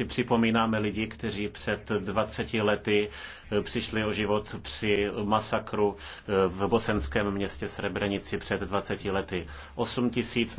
si připomínáme lidi, kteří před 20 lety eh, přišli o život při masakru eh, v bosenském městě Srebrenici před 20 lety. 8 tisíc